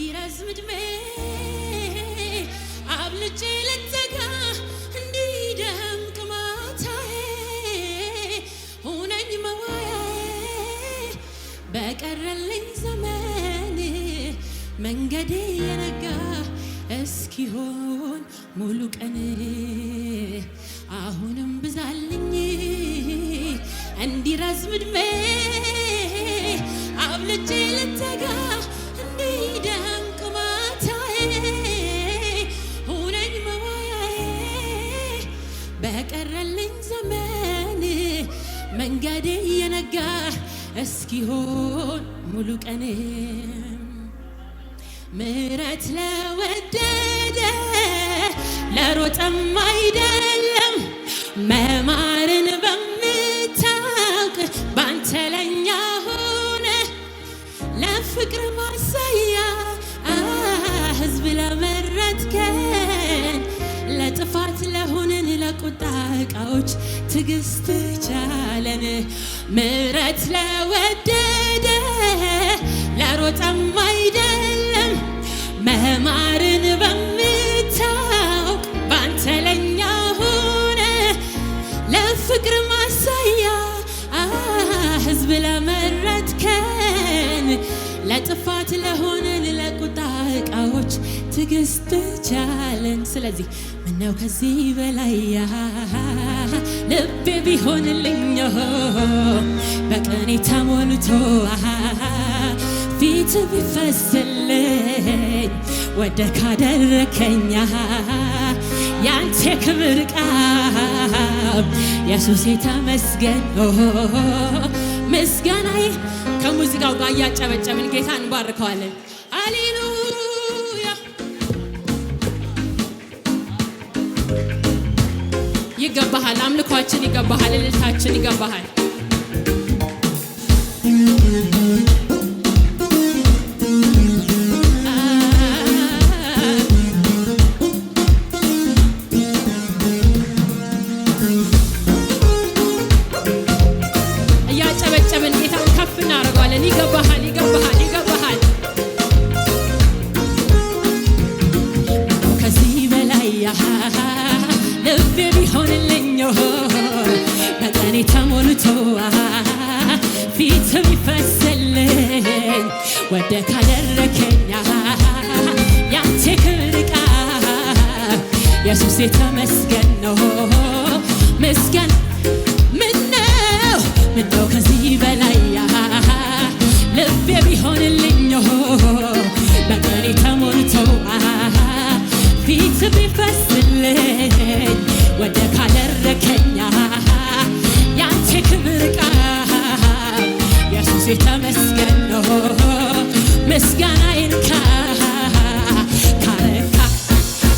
እንዲረዝም ዕድሜ በቀረልኝ ዘመን መንገዴ የነጋ እስኪሆን ሙሉ ቀን ምረት ለወደደ ለሮጠም አይደለም መማርን በምታውቅ ባንተ ለኛ ሆነ ለፍቅር ቁጣ እቃዎች ትዕግስት ቻለን ምሕረት ለወደደ ለሮጠም አይደለም መማርን በምታውቅ ባንተ ለኛ ሆነ ለፍቅር ማሳያ ህዝብ ለመረጥከን ለጥፋት ለሆነን ለቁጣ እቃዎች ትዕግስት ቻለን ስለዚህ ነው ከዚህ በላይ ልቤ ቢሆንልኝ በቀኔ ተሞልቶ ፊት ቢፈስልኝ ወደ ካደረከኛ ያንተ ክብር ቃል ኢየሱስ ተመስገን ምስጋናዬ ከሙዚቃው ጋር እያጨበጨብን ጌታ እንባርከዋለን አሌሉ ይገባሃል፣ አምልኳችን ይገባሃል፣ እልልታችን ይገባሃል። ወደ ካደረከኛ ያንተ ክብር ቃል ኢየሱስ የተመስገን ነው ምስገን ምነው ምነው ከዚህ በላይ ልቤ ቢሆንልኝ በቀኔ ተሞልቶ ፊት ቢፈስልኝ ወደ ካደረከኛ ያንተ ክብር ቃል ኢየሱስ የተመስገን ነው ምስጋናዬን ካረካ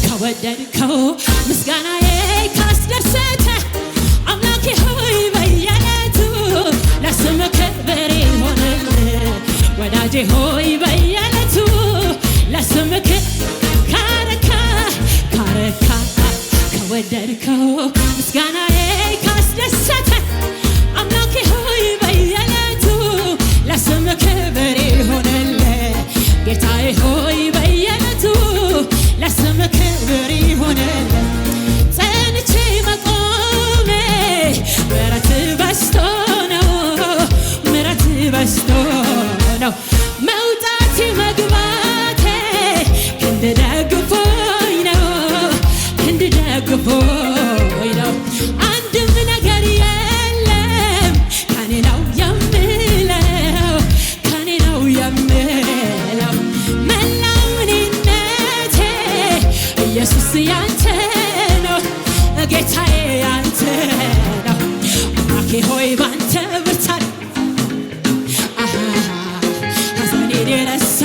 ከወደድከው ምስጋናዬ ካስደሰተ አምላኬ ሆይ በየዕለቱ ለስም ክብር ይሆንል ወዳጄ ሆይ በየዕለቱ ለስም ካረካ ካረካ ከወደድከው ምስጋናዬ ካስደሰተ ጌታዬ ሆይ በየዕለቱ ለስም ክብር ይሆን It ain't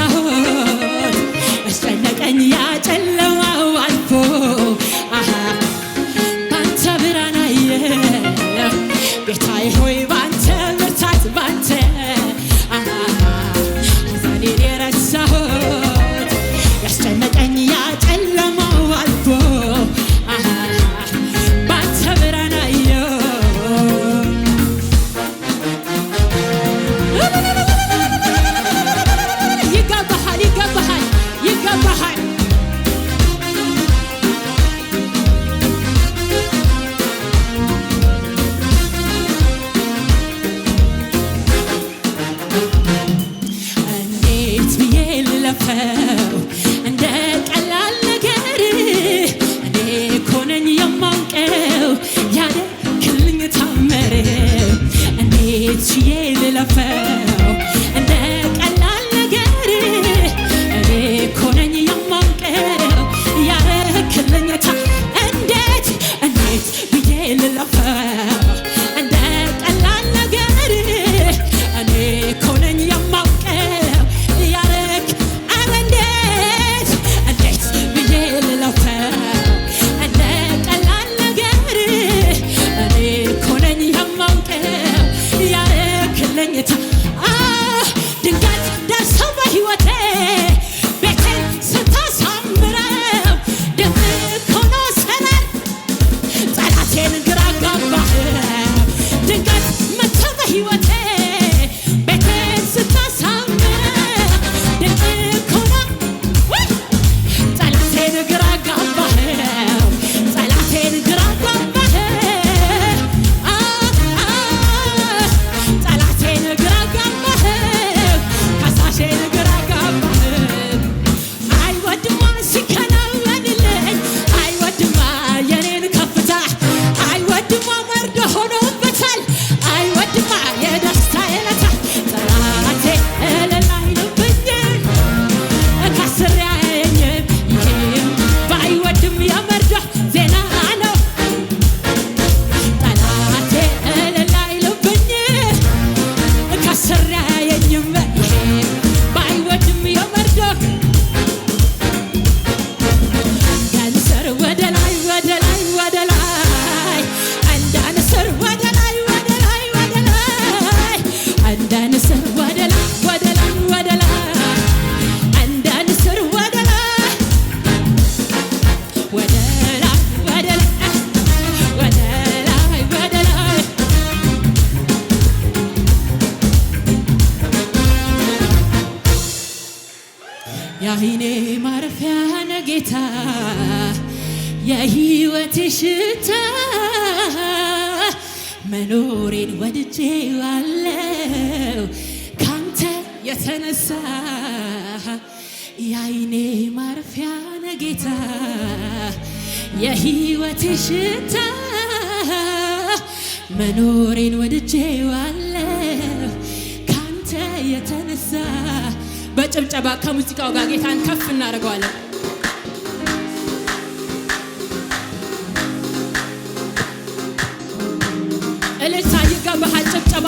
የተነሳ የአይኔ ማረፊያ ነጌታ የህይወቴ ሽታ መኖሬን ወድጄ ካንተ የተነሳ በጭብጨባ ከሙዚቃው ጋር ጌታን ከፍ እናደርገዋለን። እልልታ ይገባሃል፣ ጭብጨባ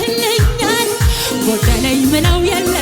ያድንኛል ጎደለኝ ምለው የለ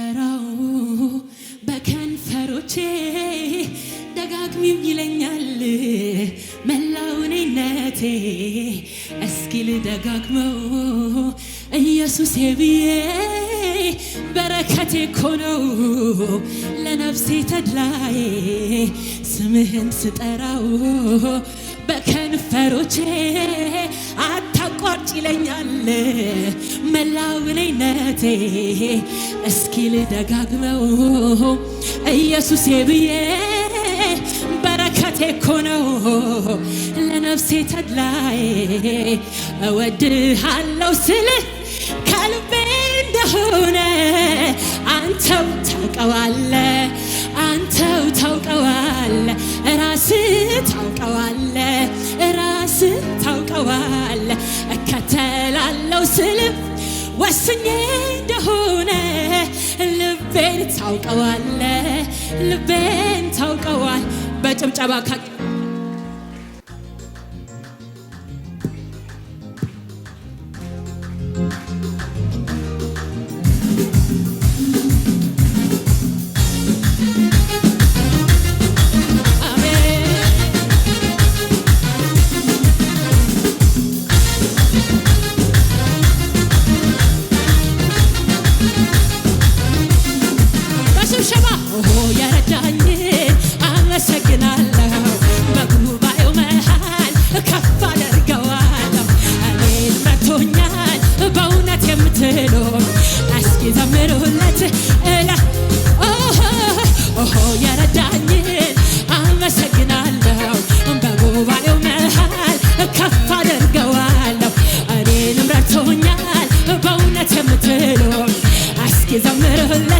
ስጠራው በከንፈሮቼ ደጋግሚው ይለኛል መላውኔነቴ እስኪል ደጋግመው ኢየሱሴ ብዬ በረከቴ እኮ ለነፍሴ ተድላዬ ስምህን ስጠራው በከንፈሮቼ አቋርጭ ይለኛል መላው ብሌነቴ እስኪ ልደጋግመው ኢየሱሴ ብዬ በረከቴ እኮ ነው ለነፍሴ ተድላዬ እወድሃለው ስልህ ከልቤ እንደሆነ አንተው ታውቀዋለ አንተው ታውቀዋለ ራስ ታውቀዋለ ራስ ታውቀዋለ አለው ስልም ወስኜ እንደሆነ ልቤን ታውቀዋለ ልቤን ታውቀዋል በጭምጨባ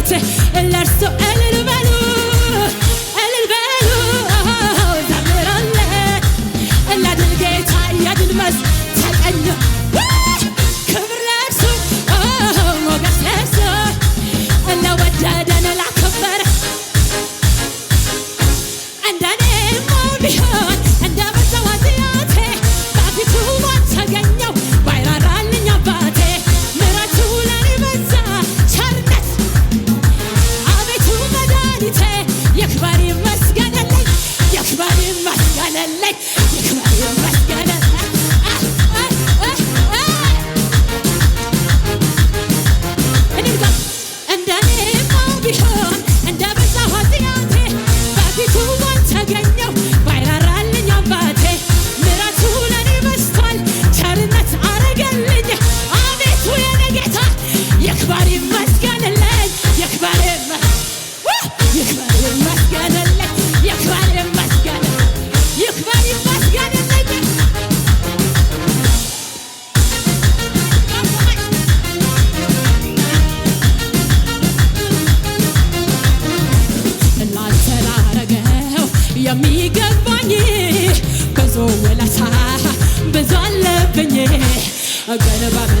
It let light. again about me.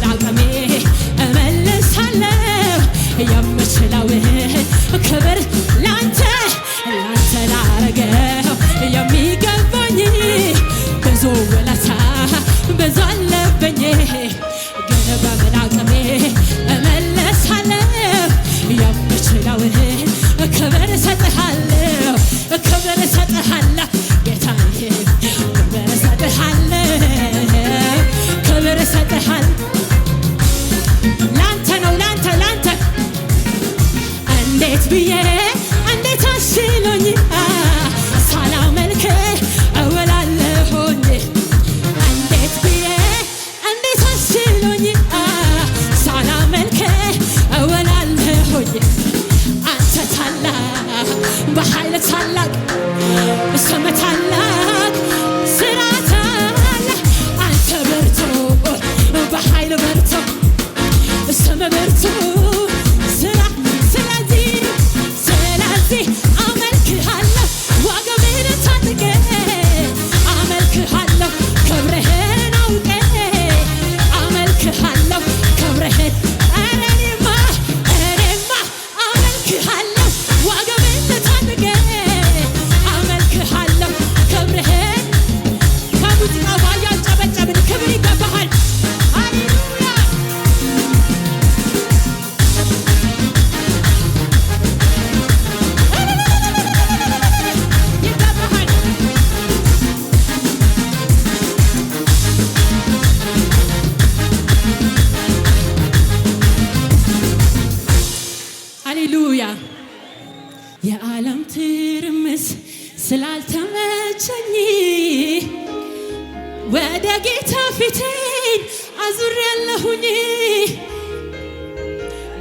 ወደ ጌታ ፊቴን አዙር ያለሁኝ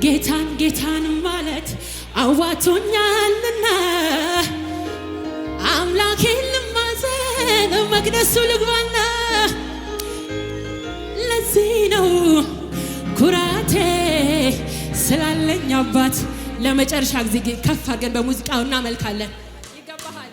ጌታን ጌታን ማለት አዋቶኛልና አምላኬን ልማዘን መቅደሱ ልግባና ለዚህ ነው ኩራቴ ስላለኝ አባት ለመጨረሻ ጊዜ ከፍ አድርገን በሙዚቃው እናመልካለን። ይገባሃል።